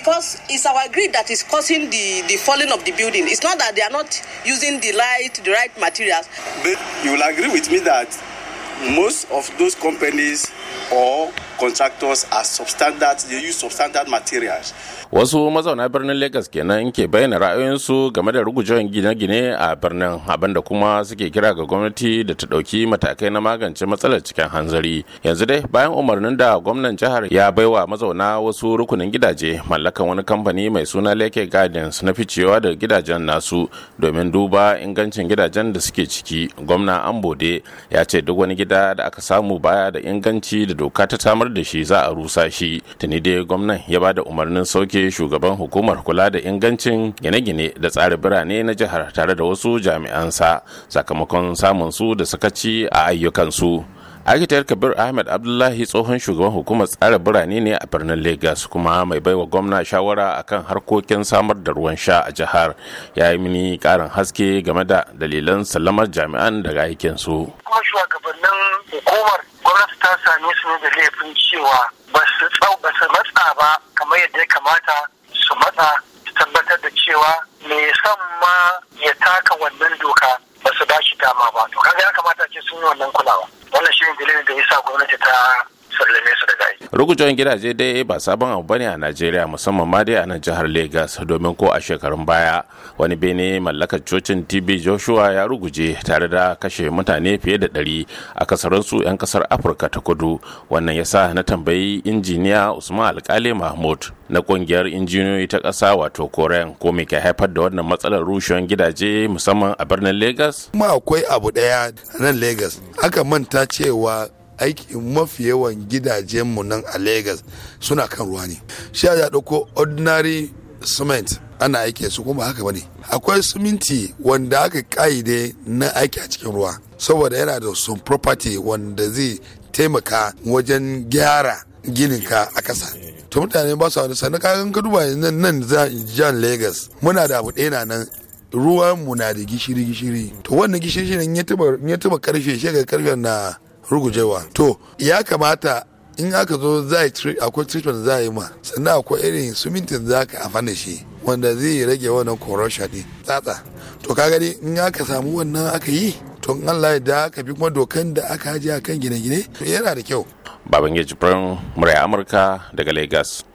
because it's our greed that is causing the, the falling of the building. It's not that they are not using the right, the right materials. But you will agree with me that most of those companies or contractors are substandard, they use substandard materials. wasu mazauna birnin lagos kenan ke bayyana ra'ayoyinsu game da rugujewan gine-gine a birnin abinda kuma suke kira ga gwamnati da ta ɗauki matakai na magance matsalar cikin hanzari yanzu dai bayan umarnin da gwamnan jihar ya baiwa mazauna wasu rukunin gidaje mallakan wani kamfani mai suna lake gardens na ficewa da gidajen nasu domin duba ingancin gidajen da suke ciki gwamna ambode ya ce duk wani gida da aka samu baya da inganci da doka ta samar da shi za a rusa shi tuni dai gwamnan ya ba da umarnin sauke shugaban hukumar kula da ingancin gine-gine da tsari birane na jihar tare da wasu jami'ansa sakamakon samun su da sakaci a ayyukansu. Akitar Kabir Ahmed Abdullahi tsohon shugaban hukumar tsara birane ne a birnin Lagos, kuma mai baiwa gwamna shawara akan harkokin samar da ruwan sha a jihar ya yi mini karin haske game da dalilan salamar jami'an daga aikin su Kuma shugabannin hukumar gwamnati ta same su ne da laifin cewa ba su matsa ba yadda ya kamata su matsa su tabbatar da cewa me san ma ya taka wannan doka ba su bashi dama ba to kaga ya kamata ce sun yi wannan kulawa wannan shi ne dalilin da yasa gwamnati ta sallame su daga yi. rugujewan gidaje dai ba sabon abu bane a najeriya musamman ma dai a nan jihar Legas, domin ko a shekarun baya wani bene mallakar cocin tb joshua ya ruguje tare da kashe mutane fiye da ɗari a kasaransu 'yan kasar afirka ta kudu wannan ya sa na tambayi injiniya usman alkali mahmud na kungiyar injiniyoyi ta ƙasa wato koren ko me ke haifar da wannan matsalar rushewan gidaje musamman a birnin Legas? kuma akwai abu ɗaya nan Legas, aka manta cewa aiki mafi yawan gidajenmu nan a Legas suna kan ruwa ne shi ya ɗauko ordinary cement ana aiki su kuma haka bane akwai siminti wanda aka ka'ide na aiki a cikin ruwa saboda yana da some property wanda zai taimaka wajen gyara ginin ka a ƙasa to mutane ba su wani sannan kagan ka duba nan nan jan lagos muna da abu ɗaya nan ruwan na da gishiri gishiri to wannan gishiri shi ya taba karfe shi ga karfe na rugujewa to ya kamata in aka zo akwai treatment za a yi ma sannan akwai irin sumintin za ka afana shi wanda zai rage wannan corruption din tsatsa to ka gani in aka samu wannan aka yi to in Allah ya da aka bi kuma dokan da aka a kan gine-gine yana da kyau baban firin murai amurka daga lagos